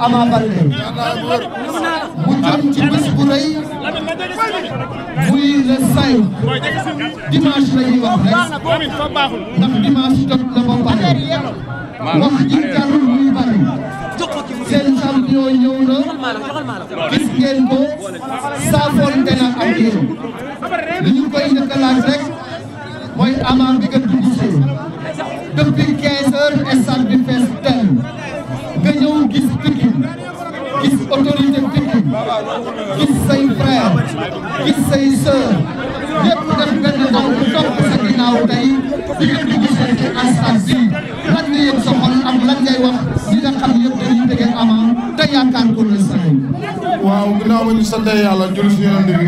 Ama Baldé bu jëm ci bés bu rëy muy sayu dimanche la ñuy wax rek ndax dimanche jot na ba pare wax ji jarul muy bari seen champion ñëw na gis ngeen ko saafoonte na ak yéen li ñu koy njëkk a laaj mooy Ama bi nga dugg si depuis 15 heures stade bi fees autorité Pikine gis say frère gis say sœur yëpp def benn taw bu topp sa ginnaaw tey di ngeen di gis ci instance bi lan nga yëg sa xol am lan ngay wax li nga xam yëpp dañuy tege ama te yaakaar ko la sa waaw ginnaaw ba ñu sante yàlla julli si yonent bi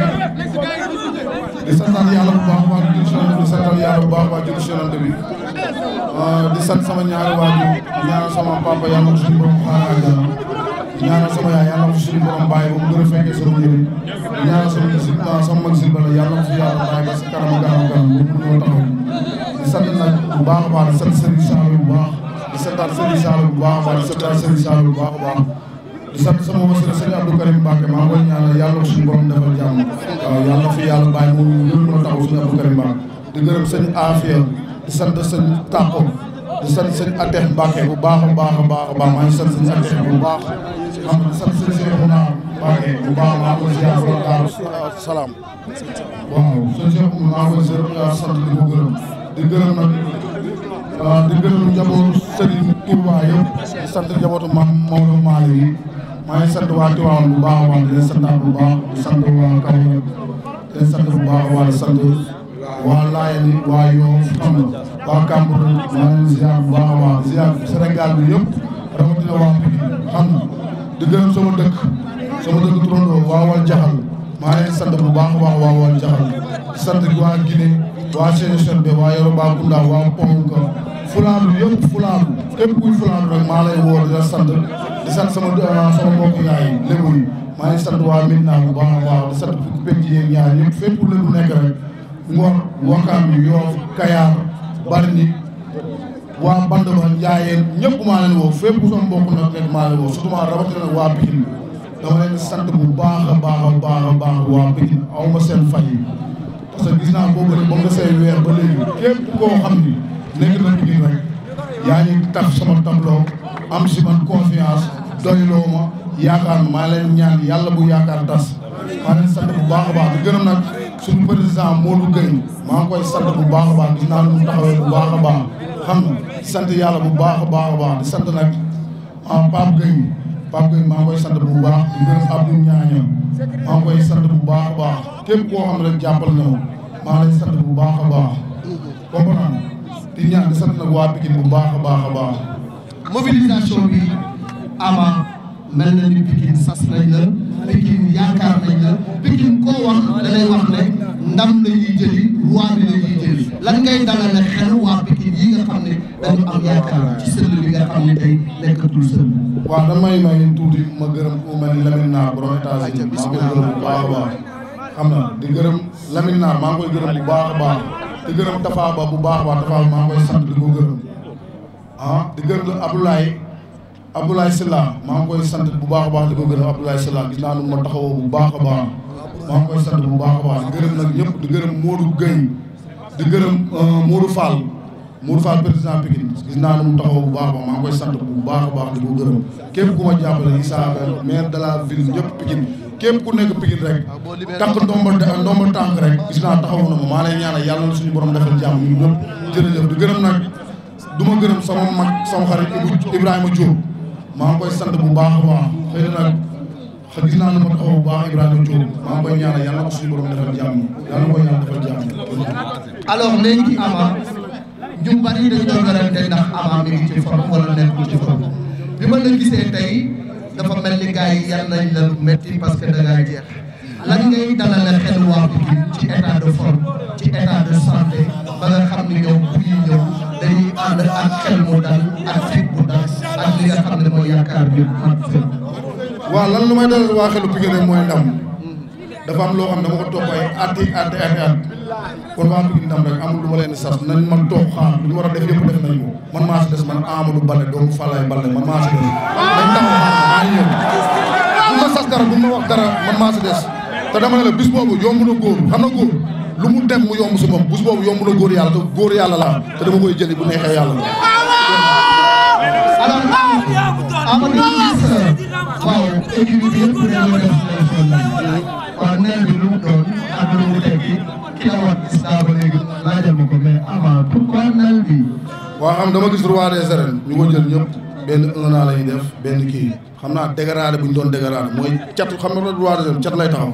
di santaat yàlla bu baax waa julli si yonent bi di santaat yàlla bu baax waa julli si yonent bi ah, di sant sama ñaari waajur ñaar sama papa yàlla ko suñu borom xaaral ñaanal sama yaay yàlla ko suñu borom bàyyi ba mu gën a fekkee sama njëriñ ñaanal sama si sama mag si bala yàlla ko fi yàlla bàyyi ba si kanam kanam kanam ñu mën ñoo taxaw di sant nag bu baax a baax di sant Serigne Sall bu baax di santaat Serigne Sall bu baax a baax di santaat Serigne Sall bu baax a baax di sant sama wasila Serigne Abdou Karim Mbacke maa ngi koy ñaanal yàlla ko suñu borom defal jàmm waaw yàlla fi yàlla bàyyi moom ñu gën ñoo taxaw suñu Abdou Karim Mbacke di gërëm sëñ Afia di sant sëñ Tako di sant sëñ Atex Mbacke bu baax a baax a baax a baax maa ngi sant sëñ Atex bu baax xam nga sant sëñ Cheikh Oumar Mbacké bu baax maa ngi koy ziar wala Daaru Salaam. waaw sëñ Cheikh Oumar maa ngi koy ziar sant di ko gërëm di gërëm nag di gërëm njabootu Serigne Touba yëpp di sant njabootu ma Maodo Malick yi maa ngi sant waa Tiwaawan bu baax a baax di leen santaat bu baax di sant waa Kaolack di leen sant bu baax waa di sant waa Laayeen yi waa Yoff xam nga waa Kambourou maa ngi ziar bu baax a baax ziar Sénégal bi yëpp rawatina waa Pikine xam nga di gërëm sama dëkk sama dëkk turandoo waawal jaxal maa leen sant bu baax a baax waawal jaxal sant waa Guinée waa Sénégal waa Yoruba Kunda waa Ponka fulaanu yëpp fulaanu képp kuy fulaanu rek maa lay woo di la sant di sant sama ah, sama mbokk yaay lébu yi maa ngi sant waa Medina bu baax a baax di sant fukki penc yi ñaar yëpp fépp lébu nekk rek Ngor Wakam Yoff Kayar Bargny waa band ba njaayeen ñëpp maa leen woo fépp ku sama mbokk nag rek maa leen woo surtout maa rawatina nag waa Pikine dama leen sant bu baax a baax a baax a baax waa Pikine aw ma seen fay parce que gis naa boobu rek a nga say weer ba léegi képp koo xam ni nekk na Pikine rek yaa ngi taf sama tableau am si man confiance doyloo ma yaakaar maa leen ñaan yàlla bu yaakaar tas maa leen sant bu baax a baax di gërëm nag suñu président Modou Gueye maa ngi koy bu baax a baax gis naa mu taxawee bu baax a baax sant yàlla bu baax a baax a baax di sant nag ah Pape Gueye Pape Gueye maa ngi koy bu baax di gërëm Abdou Ñaaña maa ngi koy bu baax a baax képp koo xam rek jàppal na ma maa lay sant bu baax a baax comprendre di ñaan di sant nag waa Pikine bu baax a baax a baax mobilisation bi ama mel na ni Pikine sas nañ la Pikine yaakaar nañ la Pikine koo wax da lay wax ne ndam la ñuy jëli roi bi la ñuy jëli lan ngay dalale xel waa Pikine yi nga xam ne dañu am yaakaar ci sëll bi nga xam ne tey nekkatul sëll. waaw damay may tuuti ma gërëm ku mel ni Lamine Naar borom États-Unis bu baax a baax xam na di gërëm Lamine Naar maa ngi gërëm bu baax a baax di gërëm Tafa Ba bu baax a baax Tafa Ba maa ngi koy di ko gërëm ah di gërëm Abdoulaye Abdoulaye Sylla maa ngi koy sant bu baax a baax di ko gërëm Abdoulaye Sylla gis naa nu bu baax a baax bu baax a baax di gërëm nag ñëpp di gërëm Modou Gueye di gërëm euh, Modou Fall Modou Fall président Pikine gis naa nu mu taxawoo bu baax a baax bu baax baax di ko gërëm képp ku ma jàppale Issa Abel maire de la ville ñëpp Pikine ku nekk Pikine rek takk ndomba ndomba tànk rek gis naa taxaw na ma maa lay yàlla na suñu borom defal jàmm ñun ñëpp jërëjëf di gërëm nag du ma gërëm sama mag sama xarit Ibrahima Diop maa ngi koy sant bu baax a baax xëy na nag xa gis naa ne ma taxaw bu baax Ibrahima Diop maa ngi koy ñaanal yàlla ko suñu borom defal jàmm yàlla ko yàlla defal jàmm. alors léegi ci Ama ñu ndax Ama mi ngi ci forme wala nekkul ci forme bi ma la gisee tey dafa mel ni gars yi yar nañ la métti parce que da ngaa jeex lan ngay dalale xel waa bi ci état de forme ci état santé ba nga xam ni ñoom bu ñëw dañuy ànd ak xel mu dal ak fit bu dal. ak li nga xam ne mooy yaakaar bi mat sëkk. waaw lan lu may dalal waa xelu Pikine mooy ndam dafa am loo xam ne dama ko topp ay at i at i at kon waa Pikine ndam rek amul lu ma leen sas nañ ma toog xaar lu ñu war a def yëpp def nañ ko man maa si des man Amadou Baldé doomu Fallaye Baldé man maa si des dañ tax maa ñëw bu ma sas dara bu ma wax dara man maa si des te dama ne la bis boobu yomb na góor xam na góor lu mu dem mu yomb su moom bis boobu yomb na góor yàlla te góor yàlla laa te dama koy jëli bu neexee yàlla la alors Amadou waaw équipe bi yëpp def ñu ko jël ñëpp benn un an benn kii xam naa dégradé bu ñu doon dégradé mooy cat xam nga roi des arènes cat lay taxaw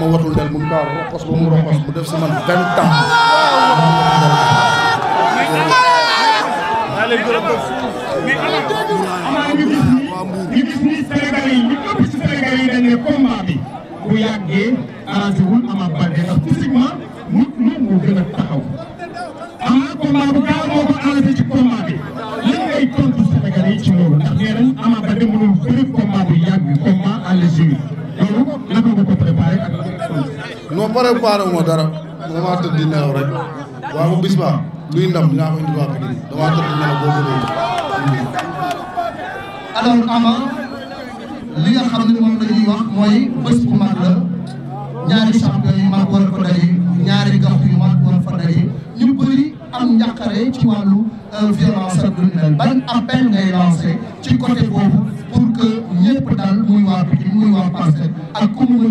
mu mu kaa mu roxos mu def si mais amaana ñu gis ni ñu gis ni Sénégalais yi ñu ëpp ci Sénégalais yi dañ ne yàggee arrangé wul Ama Baldé ndax physiquement nit ñi moo gën a taxaw. am na combat bu gaaw ci combat bi lan ngay tontu ci loolu ndax Ama Baldé mënul bëri combat bu yàgg combat à l'égime loolu naka nga ko préparé ak lan. non préparé wu ma dara damaa tëdd di nelaw rek waaw bu bis ba luy ndam dinaa ko indiwaat ak yéen damaa tëdd di nelaw alors avant li nga xam ne moom la ñuy wax mooy bés bu mag la ñaari champion yu mag war ko daje ñaari gox fa daje ñu bëri am njàqare ci wàllu euh, violence ak lu mel ban appel ngay lancé ci côté boobu pour que ñëpp daal muy waa Pikine muy waa Parcelles ak ku mu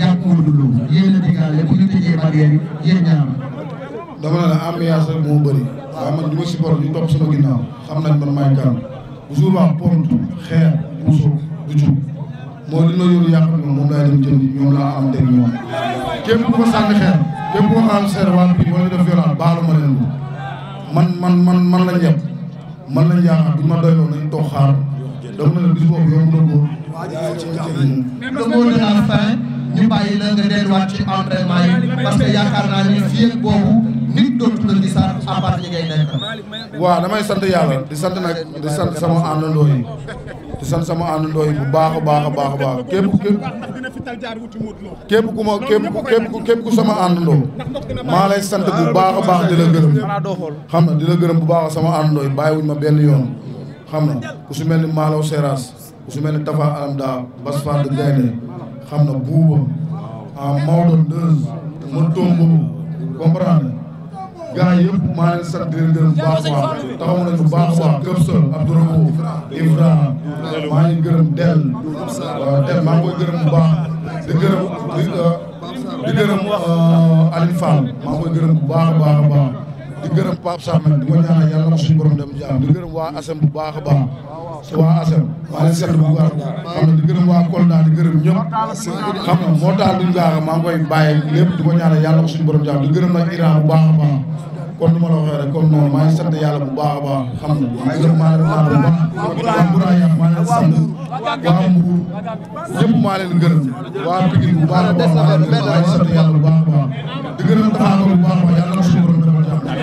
yaa ngi ko dund yéen a digaale bu ñu tëjee barrière yi yéen ñaar dama ne la ambiance moo bëri waaw man du ma si borom ñu topp sama ginnaaw xam nañ man maay kan jouvent pont xeer puso du jub moo dina yoru yàq bi moom laay dem jëndi ñoom laa amante ak ñoom képp ku ko sànni xeer képp ku ko am ma leen man man man man lañ yàpp man lañ yaakaar bi ma doyloo nañ toog xaar dama ne la bis boobu yomb na ko le mot de la fin ñu bàyyi la nga delluwaat ci entraînement yi parce que yaakaar naa ni fii boobu waaw damay sant yàlla di sant nag di sant sama àndandoo yi di sant sama àndandoo bu baax a baax a baax a baax képp képp ku ma képp képp képp ku sama àndandoo maa lay sant bu baax a baax di la gërëm xam na di la gërëm bu baax sama àndandoo yi bàyyiwuñ ma benn yoon xam na ku si mel ni Malaw Seras ku si mel ni Tafa Alam Da Bas Fane Gaynde xam na buuba ah Maodo Deux ma tomb comprendre gars yëpp maa leen sant di leen gërëm bu baax a baax taxaw nañu bu baax a baax Gëmsa Abdourahmane Ibra maa ngi gërëm Del waaw maa ngi koy gërëm bu baax di gërëm di euh, euh, maa koy gërëm bu baax a baax baax. Pape Sarr nag di ko ñaanal yàlla na suñu borom dem jaam di gërëm waa ASM bu baax a baax waa ASM waa leen sant bu baax xam ne di gërëm waa Kolda di gërëm ñëpp xam nga moo tax duñ gaax maa ngi koy bàyyi lépp di ko ñaanal yàlla na suñu borom jaam di gërëm nag Iran bu baax a baax kon nu ma la waxee rek kon noonu maa ngi sant yàlla bu baax a baax xam nga gërëm maa leen maa leen baax waa Boura Yane maa leen sant waa Mbour ñëpp maa leen gërëm waa Pikine bu baax a baax maa ngi sant yàlla bu baax a baax di gërëm taxaaka bu baax a baax yàlla na suñu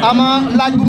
ama laaj bu